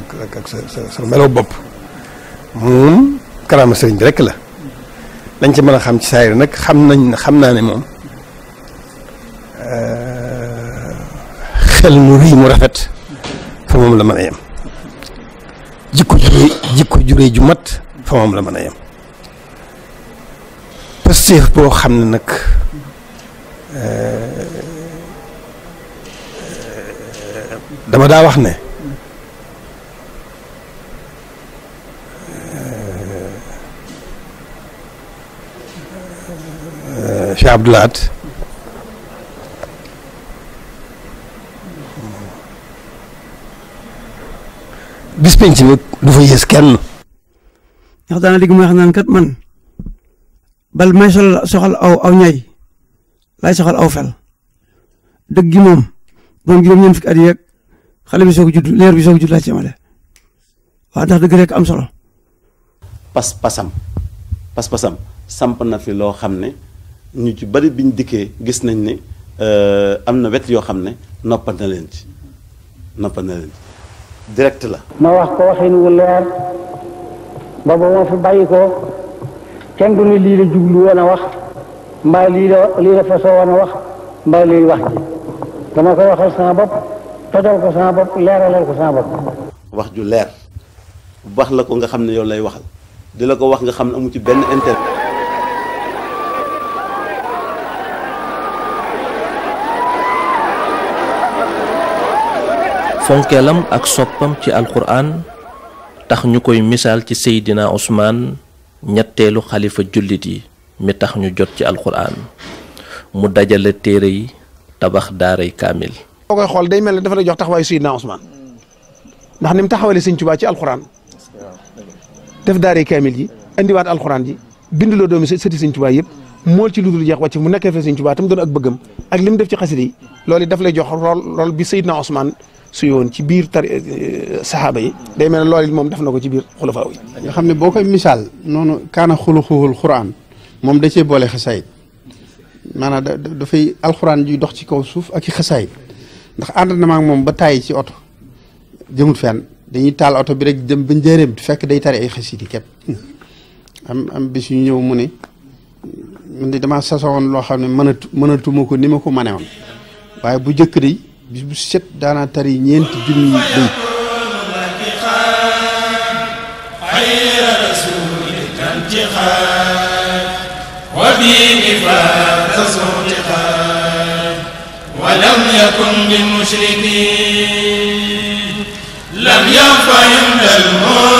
ak ak sa sa sa bopp moom karaama sëriñ bi rekk la dañ ci mën a xam ci saayir nag xam nañ xam naa ne moom euh, xel mu rëy mu rafet fa moom la mën a yem jikko jure jikko jure ju mat fa moom la mën a yem pastéef boo xam ne nag euh, euh, dama daa wax ne Alaaji Abdou Lahad bis penc ci du fa yées kenn. ndax daana dégg muy wax naan kat man bal may soxla soxal aw ñay lay soxal aw fel dëgg gi moom moom juróom-ñeent fukki at yeeg xale bi soog a judd leer bi soog a judd laa ci amale waaw ndax dëgg rek am solo. pas-pasam pas-pasam samp na fi loo xam ne. ñu ci bari bi ñu dikkee gis nañ ne euh, am na wet yoo xam ne noppal na leen ci noppal na leen ci direct la. ma wax ko waxin wu leer ba ba ma fi bàyyi ko kenn du ne lii la lu woon a wax mbaa lii la lii la fasoo woon a wax mbaa lii wax ji dama koy waxal sama bopp tojal ko sama bopp leeralal ko sama bopp. wax ju leer wax la ko nga xam ne yow lay waxal di la ko wax nga xam ne amu ci benn intérêt. fonkeelam ak soppam ci alquran tax ñu koy misaal ci seydina usmaan ñetteelu xalifa jullit yi mi tax ñu jot ci alquran mu dajale téere yi tabax daaray kaamil boo koy xool day mel ne dafa jox taxawaayu seydina usmaan ndax ni mu taxawale sëñ Tuubaa ci alquran def daaray kaamil yi indiwaat alquran yi binduloo doomi sëti sëñ Tuubaa yëpp mool ci lu jeex wàcc mu nekkee fa sëñ Tuubaa tam doon ak bëggam ak li def ci xasida yi loolu daf lay jox rôle suy woon ci biir tar eh, saxaaba yi day mel ne lool it moom def na ko ci biir xulafaa yi nga xam ne boo koy misaal noonu kaana xuluxuhul xuraan moom da cee boole xasaayit maanaam da alxuraan juy dox ci kaw suuf ak i xasaayit ndax ànd na maag moom ba tàyyi ci oto jëmut fenn dañuy taal oto bi rek dem ba njëreem fekk day tari ay xasidi képp am am bis yu ñëw mu ne man de damaa sasoon loo xam ne mënatu mënatuma ko ni ma ko manewoon waaye bu jëkk day bis bu set daanaa tari ñeenti junni béy ولم يكن بالمشركين لم ينفع عند الموت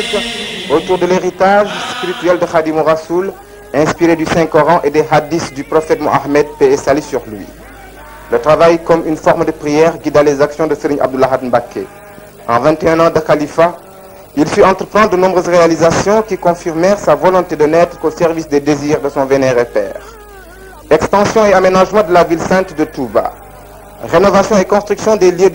Mourides autour de l'héritage spirituel de Khadim Rassoul, inspiré du Saint-Coran et des hadiths du prophète Mohammed, paix et salut sur lui. Le travail comme une forme de prière guida les actions de Serigne Abdoulahad Mbacké. En 21 ans de califat, il fit entreprendre de nombreuses réalisations qui confirmèrent sa volonté de n'être qu'au service des désirs de son vénéré père. Extension et aménagement de la ville sainte de Touba. Rénovation et construction des lieux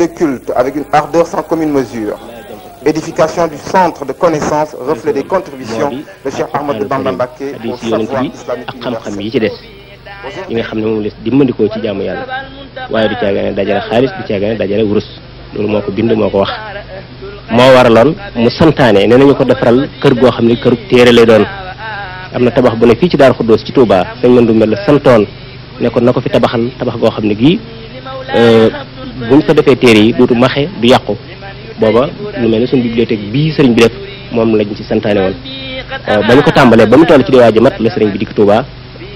édification du centre de connaissance reflet des contributions de Cheikh Ahmadou Bamba Mbacké au savoir islamique universel yi ci des yi nga xam ne moom les dimbandikoo ci jaamu yàlla waaye du caagane dajale xaalis du caagane dajale wurus loolu moo ko bind moo ko wax moo waraloon mu santaane ne nañu ko defaral kër goo xam ne kër téere lay doon am na tabax bu ne fii ci Daaru Xuddoos ci Touba sëñ Mandu Mel la santoon ne ko na ko fi tabaxal tabax goo xam ne gii euh, buñ fa defee téere yi duutu maxe du yàqu booba lu mel ne suñu bibliothèque bii sëriñ bi def moom lañu ci santaane woon euh, ba ñu ko tàmbalee ba mu toll ci di waaj mat la sëriñ bi dikk Touba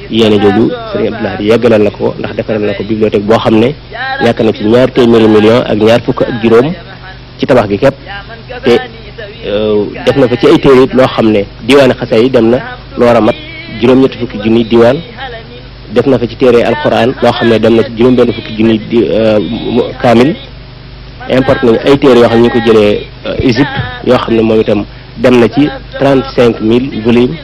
yéene jooju sëriñ Abdoulaye yeggalal na ko ndax defaral na ko bibliothèque boo xam ne ñàkk na ci ñaar téeméeri million ak ñaar fukk ak juróom ci tabax gi képp te euh, def na fa ci ay téere loo xam ne diwaani xasa yi dem na loor a mat juróom-ñetti fukki junni diwaan def na fa ci téere alquran loo xam ne dem na ci juróom-benn fukki junni euh, kaamil importe nañu ay téere yoo xam ne ñu ko jëlee euh, Égypte yoo xam ne moom itam dem na ci trente cinq mille volumes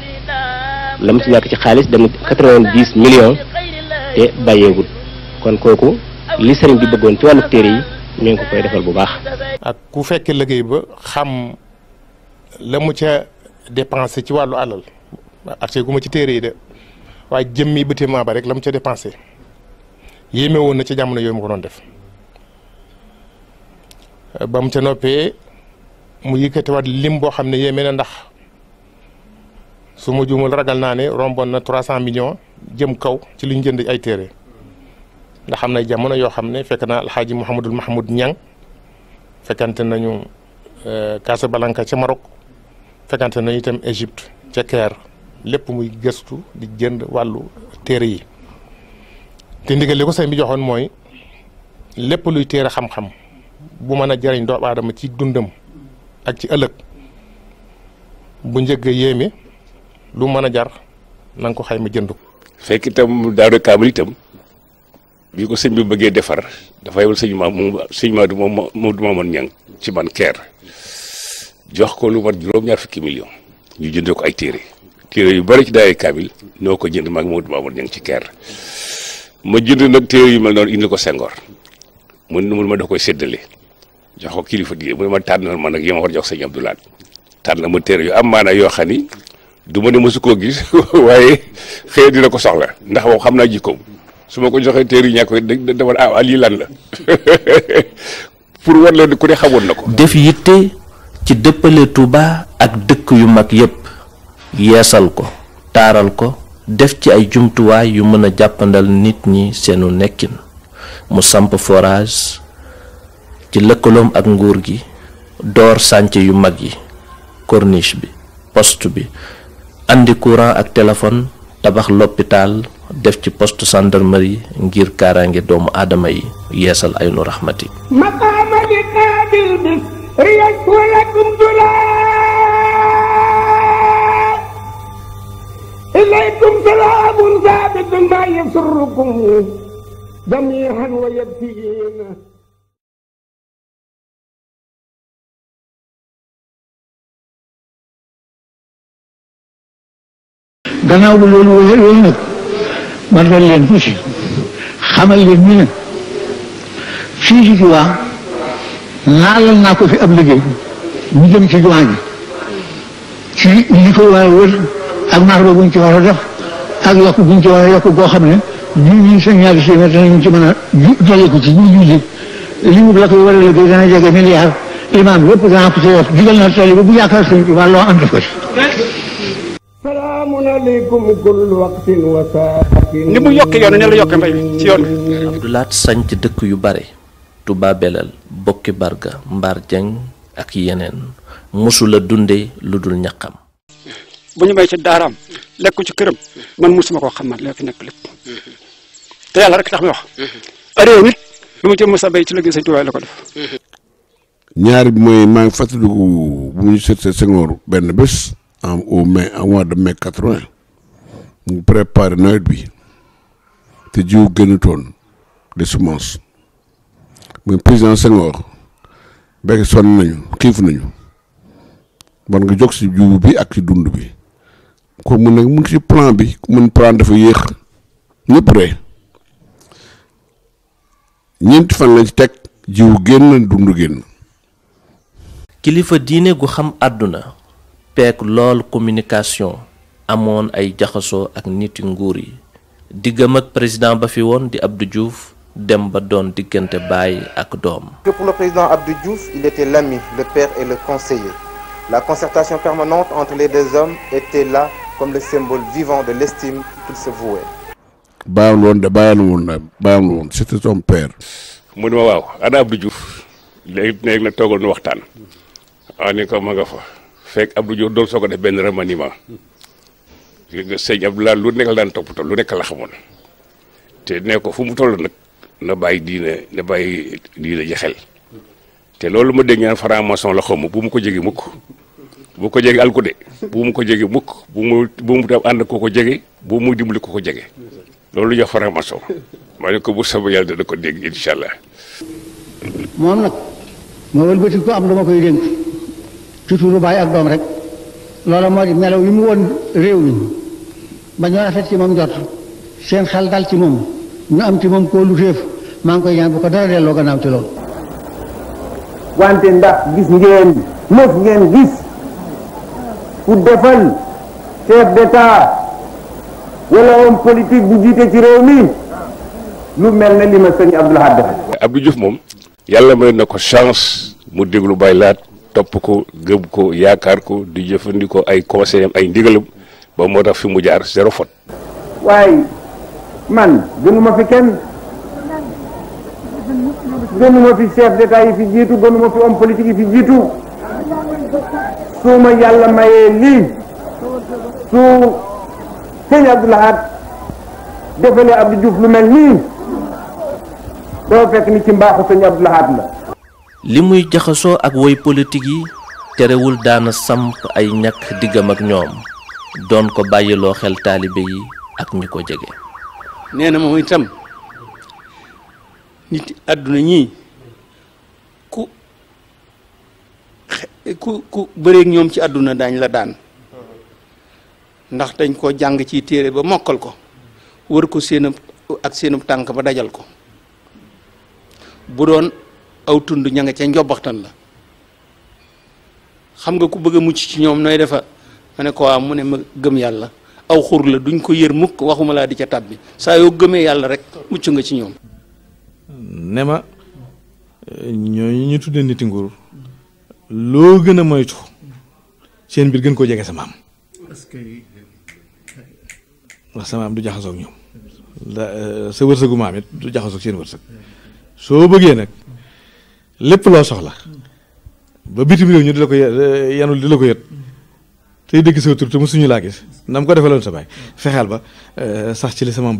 la mu ci ñàkk ci xaalis dem na quatre vingt dix millions te bàyyeegul kon kooku li sëriñ bi bëggoon ci wàllu téere yi ñu ngi koy defal bu baax. ak ku fekk liggéey ba xam la mu ca dépensé ci wàllu alal ak gu ma ci téere yi de waaye jëmmi bâtiment ba rek la mu ca dépensé yéeme woon na ci jamono yooyu mu ko doon def. ba mu ca noppee mu yëkkatiwaat lim boo xam ne yéeme na ndax su ma juumul ragal naa ne romboon na trois cent millions jëm kaw ci lu ñu jënd ay téere ndax xam na jamono yoo xam ne fekk naa alxaaji Mouhamadul Mahmoud Niang fekkante nañu euh, balanka ca Maroc fekkante nañu itam Égypte ca Caire lépp muy gëstu di jënd wàllu téere yi te ndigal li ko sëñ bi joxoon mooy lépp luy téere xam-xam. bu mën a jariñ doo aadama ci dundam ak ci ëllëg bu njëgg yéeme lu mën a jar na nga ko xayma jënd ko. fekk itam Daaru Kaamil itam bi ko sëñ bëggee defar dafa yebal sëñ ma mu sëñ Maodo moom ci man keer jox ko lu mat juróom million ñu jëndee ko ay téere téere yu bari ci Daaru Kaamil ko jënd maag Maodo Mamoun Niang ci keer ma jënd nag téere yu mel noonu indi ko Senghor. mu ne ma da koy séddale jox ko kilifa di mu ne ma tànnal ma nag yi ma war jox sëñ Abdoulaat tànn ma téere yu am maanaam yoo xam ni du ma ne mosu koo gis waaye xëy dina ko soxla ndax moom xam naa jikkoom su ma ko joxee téere yi ñàkk a dafa ah lii lan la pour war leen ku ne na ko. def yitte ci dëppale Touba ak dëkk yu mag yépp yeesal ko taaral ko def ci ay jumtuwaay yu mën a jàppandal nit ñi seenu nekkin. mu samp forage ci lëkkaloom ak nguur gi door sànce yu mag yi corniche bi poste bi andi courant ak telefon tabax l'hôpital def ci poste gendarmerie ngir kaaraange doomu aadama yi yeesal ay nu raxmati ilaykum salaamun zaabitun maa yasurrukum جميعا ويبكين gannaaw bu loolu wéyal wéyal nag man ren leen ko ci xamal leen ñu fii ci Tuubaa laalal naa ko fi ab liggéey ñu dem ci jumaa ci li ko war a wër ak naar ba buñ ci war a def ak yokk buñ ci war a xam ne ñun ñun seen ñaari téeméer danañ ci mën a jëlee ko ci ñu julli li mu la koy war a liggéey dana jege milliard imaam lépp dana ko ci wax digal na tool yi ba bu yaakaar sëñ bi wàlloo am def ko ci. salaamaleykum kullu waqtin wa saatin. ni mu yokkee yoon ne la yokkee mbay mi ci yoon bi. Abdou Lahat sanc dëkk yu bare Touba Belel Bokki Barga Mbar Dieng ak yeneen mosula dunde lu dul ñaqam. bu ñu may ci daaraam lekku ci këram man mosuma koo xam man la fi nekk lépp. te yàlla rek tax mi wax. réew it lu mu ci mos a ci liggéey Sëñ Tuubaa la ko def. Mm-hmm. bi mooy maa ngi fàttaliku bu ñu seetee Senghor benn bés en au mai en mois de mai quatre-vingt ñu bi te jiw gënutoon les semences muy président Senghor béykat sonn nañu kiif nañu war nga jóg si jiw bi ak ci dund bi ko mun nag mu ngi si plan bi mun plan dafa yéex ñëpp rek. ñeenti fan lañ teg jiw génn dund génn. kilifa diine gu xam àdduna peek lool communication amoon ay jaxasoo ak niti nguur yi diggam ak président ba fi woon di Abdou juuf dem ba doon diggante baay ak doom. que pour le président Abdou Diouf il était l'ami le père et le conseiller la concertation permanente entre les deux hommes était là comme le symbole vivant de l'estime qu'il se vouait. bàyyam la woon de bàyyam la woon bàyyam la woon c'était son père. ma waaw ana Abdou Diouf léegi léegi nu waxtaan. waaw ah, ko ma nga fa fekk Abdou Diouf doon soog a def benn remaniement. sëñ Abdoulaye lu nekk la daan toppatoo lu nekk la xamoon te ne ko fu mu toll nag na bàyyi diine na bàyyi diine ji xel te loolu ma dégg ñaan franc-maçon la xawma bu mu ko jege mukk bu ko jege alkude bu mu ko jege mukk bu mu bu mu tam ànd ko ko jege bu mu dimbali ko ko jege loolu jox franc-maçon ma ne ko bu sama yàlla dana ko dégg incha allah. moom nag ma wëlbati ko am lu ma koy dénk ci tuuru baay ak doom rek loolu moo di melaw yi mu won réew mi ba ñu rafet ci moom jot seen xel dal ci moom ñu am ci moom koo lu réef maa ngi koy ñaan bu ko dara delloo gannaaw ci loolu. wante ndax gis ngeen mës ngeen gis ku defal chef d'état wala homme politique bu jiite ci réew mi lu mel ne li ma sëñ Abdou Lahad def Abdou moom yàlla may na ko chance mu déglu Baye Laat topp ko gëm ko yaakaar ko di jëfandikoo ay conseil am ay ndigalam ba moo tax fi mu jaar zéro faute waaye man gënuma fi kenn gënuma fi chef d'état yi fi jiitu gënuma fi homme politique yi fi jiitu su yàlla mayee lii su sëñ Abdou Lahad defe ne lu mel nii dafa fekk ni ci mbaaxu sëñ Abdou Lahad li muy jaxasoo ak woy politique yi terewul daana samp ay ñàkk diggam ak ñoom doon ko bàyyiloo xel taalibe yi ak ñi ko jege. nee moom itam nit àdduna ñii ku ku ku ñoom ci àdduna daañ la daan. ndax dañ ko jàng ci téere ba mokkal ko wër ko seen ak seenub tànk ba dajal ko bu doon aw tund ña nga ca njobbaxtan la xam nga ku bëgg a mucc ci ñoom nooy defa ma ne ko waa mu ne ma gëm yàlla aw xur la duñ ko yër mukk waxuma laa di ca tab bi saa yoo gëmee yàlla rek mucc nga ci ñoom ne ma ñooñu ñu tuddee niti nguur loo gën a moytu seen mbir gën koo jege sa maam ndax sama am du jaxasoog ñoom eh, sa wërsëgu maam it du jaxasoog seen wërsëg soo bëggee nag lépp loo soxla ba bitim réew ñu di la ko eh, yanul di la ko yët tey dëgg sa tur te mosuñu laa gis na mu ko defaloon sa baay fexeel ba eh, sax ci sama am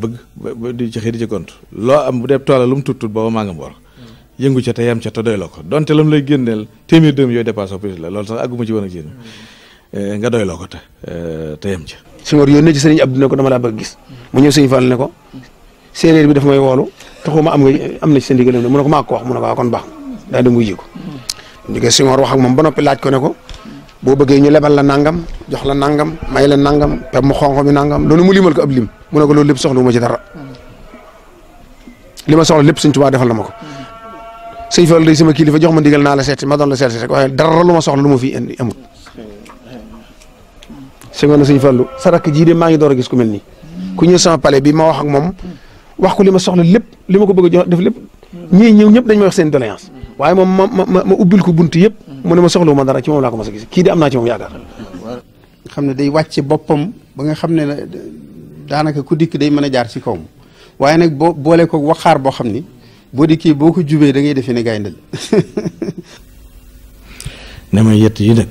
di ci xëy di loo am bu dee toola lu mu tut tut booba maa nga yëngu ca te yam ca te doy ko donte la mu lay génneel téeméer dërëm yooyu dépassé prix la loolu sax àgguma ci woon ak yéen nga doy loo ko te te yam ca Senghor yónnee ci sëriñ Abdou ne ko dama laa bëgg gis mu ne ko séeréer bi dafa may woolu taxuma am am na ci sa ndigal mu ne ko maa ko wax mu ne ko waa kon baax daa dem wuyu ji ko ñu ko Senghor wax ak laaj ko ne ko boo bëggee ñu lebal la nangam jox la nangam may la nangam pep mu xonq mi nangam loolu mu limal ko ab lim mu ne ko loolu lépp soxlawu ma ci dara li ma soxla lépp sëñ Tuubaa defal na ma ko sëñ Fall day sama kilifa jox ma ndigal naa la seeti ma la seet rek waaye dara lu ma soxla lu ma fi indi sëñ na sëñ Fallou sa rakk jii de maa ngi door a gis ku mel nii ku ñëw sama palais bi ma wax ak moom wax ko li ma soxla lépp li ma ko bëgg a jox def lépp ñii ñëw ñëpp dañ ma wax seen doléance waaye moom ma ma ma ubbil ko bunt yëpp mu ne ma soxla wu ma ci moom laa ko mas gis kii de am naa ci moom yaakaar xam ne day wàcce boppam ba xam ne daanaka ku dikk day mën a jaar ci kawam waaye nag boo boole ko waxaar boo xam ni boo dikkee boo ko jubee dangay ngay defee ne gaynde la ne ma yett yi nag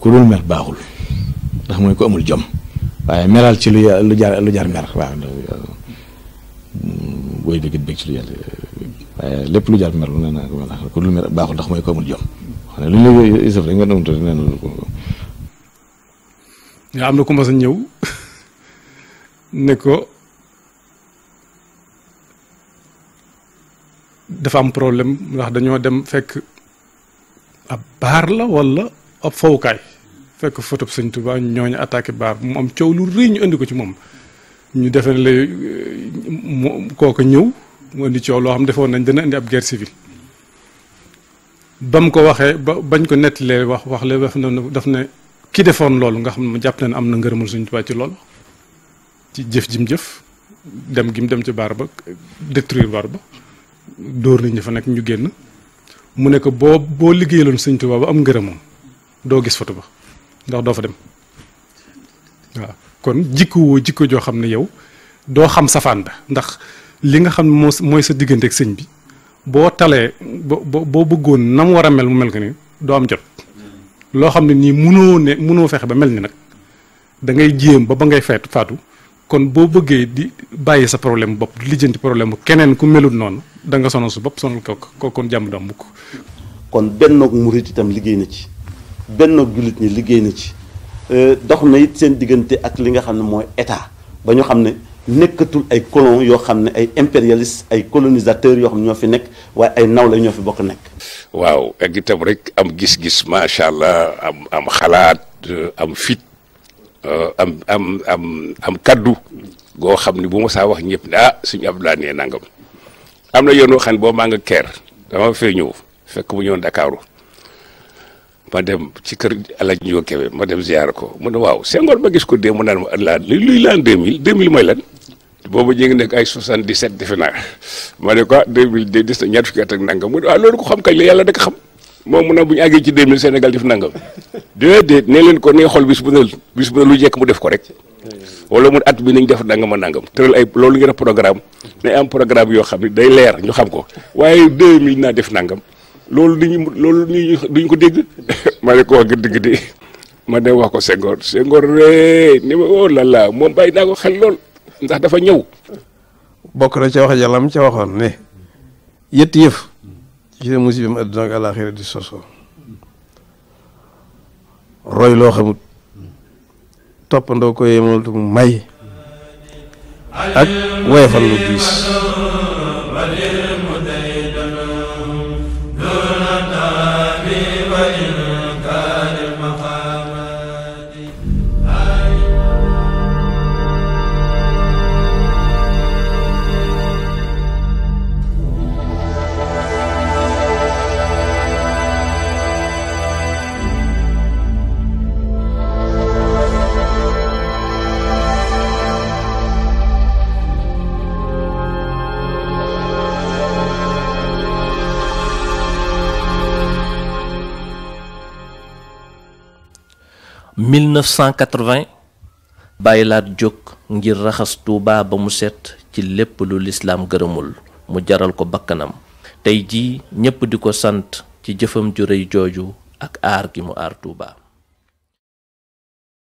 ku dul mer baaxul ndax mooy ko amul jom waaye meral ci lu lu jar lu jar mer waaw booy bëgg bëgg ci lu jar waaye lépp lu jar mer lu nee naa ko ko lu mer baaxul ndax mooy ko amul jom xam ne lu ñu la isaf rek nga doon tudd nee na ko. am na ku mas a ñëw ne ko dafa am problème ndax dañoo dem fekk ab baar la walla ab fowukaay. fekk photo bi sëñ Touba ñooñu attaqué baar mu am coow lu rëy ñu indi ko ci moom ñu defe la mu kooku ñëw mu indi coow loo xam defoon nañ dana indi ab guerre civile ba mu ko waxee ba bañ ko nettalee wax wax le daf na daf ne ki defoon loolu nga xam ne mu jàpp ne am na ngërëmul sëñ Touba ci loolu ci jëf jim jëf dem gim dem ci baar ba détruire baar ba dóor nañ fa nekk ñu génn mu nekk ko boo liggéey liggéeyaloon sëñ Touba ba am ngërëmam doo gis photo ba ndax doo fa dem waaw kon jikko woo joo xam ne yow doo xam safaan ba ndax li nga xam ne moo mooy sa diggante ak sëñ bi boo talee boo boo bëggoon na mu war a mel mu mel ko ni doo am jot loo xam ne nii munoo ne munoo fexe ba mel ni nag da ngay jéem ba ba ngay feet faatu kon boo bëggee di bàyyi sa problème bopp di lijjanti problème keneen ku melut noonu da nga sonal su bopp sonal ko ko kon jàmm du am mukk kon benn murit itam liggéey na ci. benn jullit ñi liggéey na ci euh, dox na it seen diggante ak li nga xam ne mooy état ba ñu xam ne nekkatul ay colon yoo xam ne ay impérialiste ay colonisateur yoo xam ne ñoo fi nekk waaye ay naw la ñoo fi bokk nekk waaw ak itam rek am gis-gis macha allah am am xalaat euh, am fit euh, am am am am kaddu goo xam ni bu ma saa wax ñëpp ne ah suñu abdulaa nee nangam am na yoon woo xam ne boo maa nga keer dama fee ñëw fekk mu ñëwoon Dakaaru ma dem ci kër El Hadj Ndiou Kébé ma ziar ko mu waaw Senghor ma gis ko dee mu naan ma laa luy laan 2000 2000 mooy lan boobu ñu ngi nekk ay 77 defe naa ma ne quoi ah, 2000 de des na ñaar fukki at ak nangam mu ne ah, la yàlla xam moom mu ne bu ñu àggee ci 2000 Sénégal def nangam déedéet nee leen ko nee xool bis bu ne bis bu ne lu jekk mu def ko rek wala mu at bi nañ def nangam a nangam tëral ay loolu ngeen programme day mm-hmm. am programme yoo xam ne day leer ñu xam ko waaye 2000 naa def nangam. loolu duñu loolu duñu ko dégg ma ne ko wax dëgg ma dem wax ko Senghor Senghor ree ni ma oh moom bàyyi naa ko xel lool ndax dafa ñëw. bokk na ca wax jalam ca waxoon ne yett yëf ci la musibam àdduna ak àlaaxira di sosoo roy loo xamut toppandoo ko yemaltu mu may ak woyofal lu diis. 1980 Baye Laat jóg ngir raxas Tuuba ba mu set ci lépp lu lislaam gërëmul mu jaral ko bakkanam tey ji ñépp di ko sant ci jëfam ju rëy jooju ak aar gi mu aar Tuuba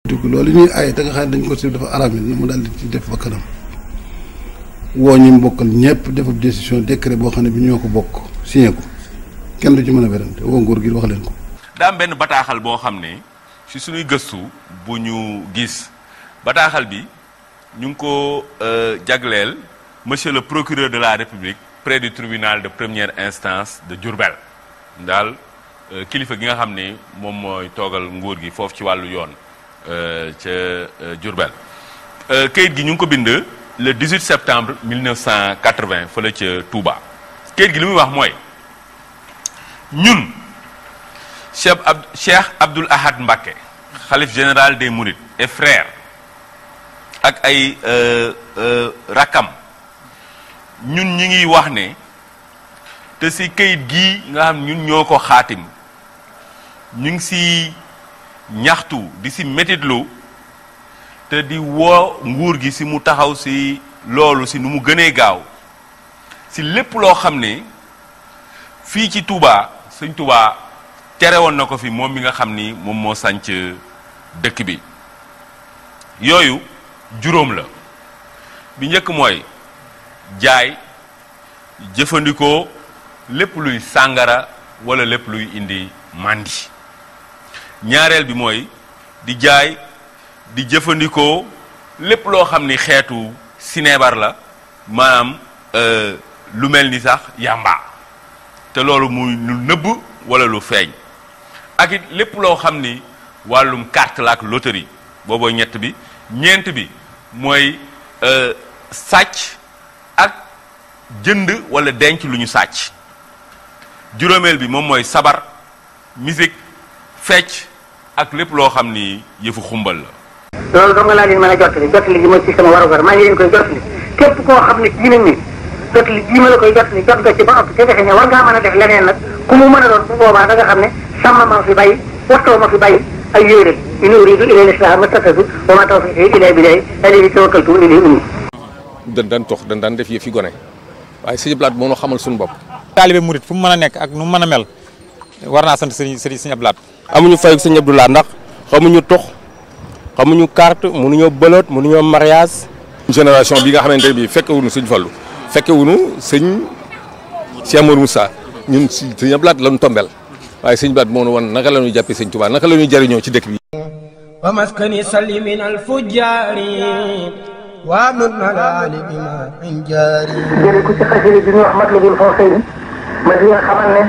dugg loolu ñuy aaye te nga xam ne dañ ko si dafa araam yi mu daal di def bakkanam woo ñu mbokkal ñëpp defab décision décret boo xam ne bi ñoo ko bokk signé ko kenn du ci mën a werante woo nguur gi wax leen ko daa benn bataaxal boo xam ne ci suñuy gëstu bu ñu gis bataaxal bi ñu ngi ko euh, jagleel monsieur le procureur de la république près du tribunal de première instance de Diourbel daal euh, kilifa gi nga xam ni moom mooy toogal nguur gi foofu ci wàllu yoon euh, ca Diourbel kayit gi ñu ngi ko bind le 18 septembre 1980 fële ca Touba kayit gi li muy wax mooy ñun Cheikh Abd Cheikh Abdoul Ahad Mbacké xalif général de Mourides et ak ay euh, euh, rakam ñun ñi ngi wax ne te si kayit gi nga xam ñun ñoo ko xaatim ñu ngi si ñaxtu di si metitlu te di woo nguur gi si mu taxaw si loolu si nu mu gënee gaaw si lépp loo xam ne fii ci Touba sëñ Touba tere woon na ko fi moom mi nga xam ni moom moo sànc dëkk bi yooyu juróom la bi njëkk mooy jaay jëfandikoo lépp luy sàngara wala lépp luy indi màndi ñaareel bi mooy di jaay di jëfandikoo lépp loo xam ni xeetu sineebar la maanaam euh, lu mel ni sax yàmba te loolu muy lu nëbb wala lu feeñ ak it lépp loo xam ni wàllum carte la ak loterie booboo ñett bi ñeent bi mooy euh, sàcc ak jënd wala denc lu ñu sàcc juróomeel bi moom mooy sabar musique fecc ak lépp loo xam ni yëfu xumbal la. loolu dong laa leen mën a jottali jottali gi mooy ci sama warugar maa ngi leen koy jottali képp koo xam ne ci ni jot li jii ma la koy jot li jot nga a def leneen nag ku mu a doon bu boobaa da fi dan daan tox dan daan def yëf yi gone waaye Sëñ Abdou Lahad moo xamal suñu bopp taalibe murit fu mu mën a nekk ak nu mu mën a mel war naa sant sëñ Sëñ Abdou Lahad amuñu fayu Sëñ Abdou Lahad ndax xamuñu tox xamuñu carte mënuñoo nu ñoo mariage génération bi nga xamante bi fekkewuñu Sëñ Fallu fekke wuñu sëñ Cheikh Mor Moussa ñun sëñ Ablaat lañu tombel waaye sëñ Blaat moo nu naka la ñuy jàppee sëñ Tuubaa naka la ñuy jëriñoo ci dëkk bi wa maskani salli min al fujjaari waa nun ne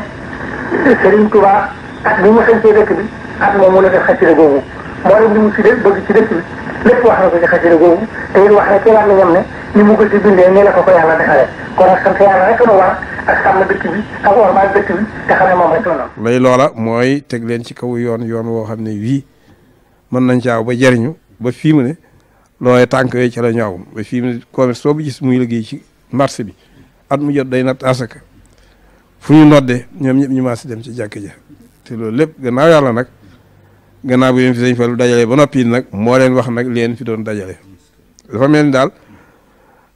Sëriñ Tuubaa at bi mu sañ ci dëkk bi at moom la def xasida googu mboolem li mu tuddee bëgg ci dëkk bi lépp wax na ko ci xasida googu te wax na ci wàllu ñam ne ni mu ko ci bindee nii la ko ko yàlla defalee kon nag sant yàlla rek nu war ak sàmm dëkk bi ak ormal moom rek la noonu. lay loola mooy teg leen ci kaw yoon yoon woo xam ne wii mën nañ caaw ba jariñu ba fii mu tànk yooyu ci la ñaaw ba fii mu ne commerce ci marché bi at mu jot day natt asaka fu ñu noddee ñoom ñëpp ñu maas dem ci jàkk ja te loolu lépp gannaaw yàlla nag gannaaw bi yéen fi sëñ Fallu dajale ba noppi nag moo leen wax nag leen fi doon dajale dafa mel ni daal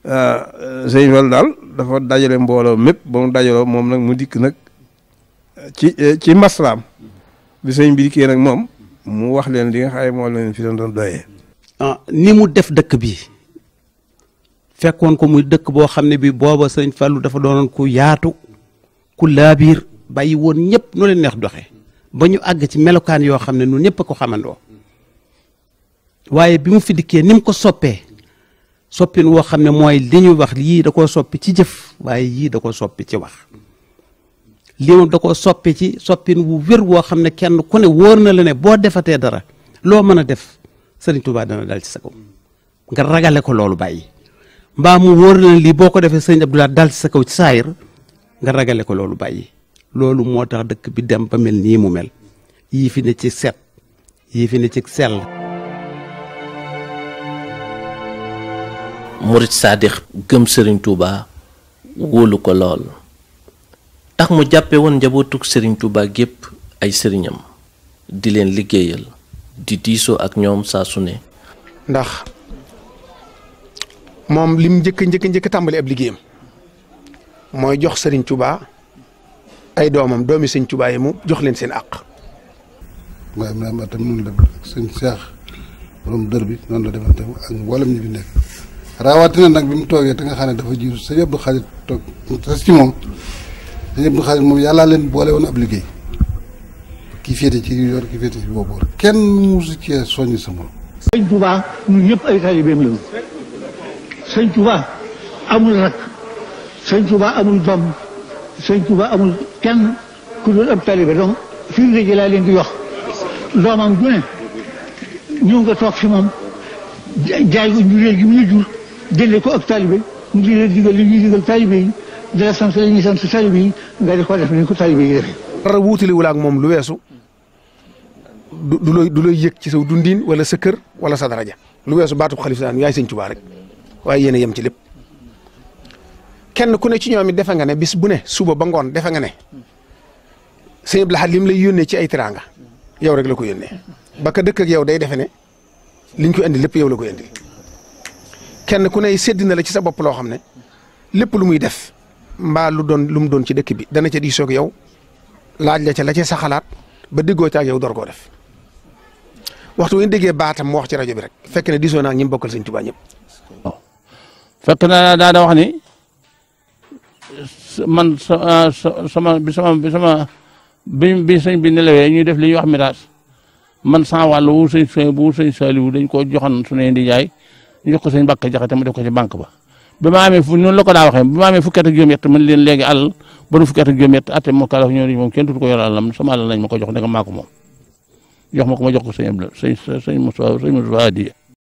euh, sëñ Fallu daal dafa dajale mbooloo mépp ba mu dajaloo moom nag mu dikk nag ci euh, ci maslaam bi sëñ bi dikkee nag moom mu wax leen li nga xam moo leen fi doon doon doyee. Ah, ni mu def dëkk bi fekkoon ko muy dëkk boo xam ne bi booba sëñ falu dafa doon ku yaatu ku laabiir bàyyi woon ñëpp nu leen neex doxee. ba ñu àgg ci melokaan yoo xam ne ñun ñëpp a ko xamandoo waaye bi mu fi dikkee nim ko soppee soppin woo xam ne mooy li ñuy wax yii da koo soppi ci jëf waaye yii da koo soppi ci wax lii moom da koo soppi ci soppin wu wér woo xam ne kenn ku ne wóor na la ne boo defatee dara loo mën a def sëriñ Tuubaa dana dal ci sa kaw nga ragale ko loolu bàyyi mbaa mu wóor na lii boo ko defee sëriñ Abdoulaye dal ci sa kaw ci saayir nga ragale ko loolu bàyyi loolu moo tax dëkk bi dem ba mel nii mu mel yii fi ne ci set yii fi ne ci sell murit saadix gëm sëriñ Touba wóolu ko lool tax mu jàppe woon njabootug sëriñ Touba gépp ay sëriñam di leen liggéeyal di diisoo ak ñoom saa su ndax moom lim njëkk njëkk njëkk tàmbali ab liggéeyam mooy jox sëriñ Touba ay doomam doomi sëñ Tuubaa yi mu jox leen seen àq. waaye ma ne tam noonu la sëñ Cheikh borom dër bi noonu la te ak mboolem ñi fi nekk na nag bi mu toogee te nga xam ne dafa jiitu sëñ Abdou Khadir toog tas ci moom sëñ Abdou Khadir moom leen boole woon ab liggéey kii ci yor kii féete ci boobu kenn musu cee amul rakk sëñ Tuubaa amul doom. sëñ Touba amul kenn ku dul ab talibe donc firnde ji laa leen di wax doomam ju ne nga toog fi moom jaay ko njureel gi mu ñu jur jëndee ko ak talibe mu ngi leen digal li ñuy digal talibe yi di la sant li ñuy sant nga di ko def ni ko talibe yi defee. dara wuutaliwul ak moom lu weesu du du looy du ci sa dundin wala sa kër wala sa daraja lu weesu baatu xalif daan yaay sëñ Touba rek waaye yéen a yem ci lépp. kenn ku ne ci ñoom it defe nga ne bis bu ne suba ba ngoon defe nga ne lim lay yónnee ci ay teraanga yow rek la ko yónnee ba ka dëkk ak yow day defe ne liñ ko indi lépp yow la ko indi kenn ku ne sédd na la ci sa bopp loo xam ne lépp lu muy def mbaa lu doon lu mu doon ci dëkk bi dana ca diisoo ak yow laaj la ca la ca sa xalaat ba diggoo ca ak yow koo def waxtu wi déggee baatam mu wax ci rajo bi rek fekk ne diisoo naa ak ñi bokkal sëñ Tuubaa ñëpp. fekk na daa wax ni. man ah, sa sama bi sama bi sama bi bi sëñ bi nelawee ñuy def li ñuy wax miraas man sans wàll wu dañ koo joxoon suñu di jaay ñu jox ko sëñ mu def ko ci banque ba. bi ma amee fu noonu la ko daa waxee bi ma amee fukki at ak juróom-ñett man leen léegi àll ba nu fukki at ak juróom moom kenn du ko yor ma ko jox ne ko maa ko moom jox ma ko ma jox ko sëñ Abdou sëñ Adiya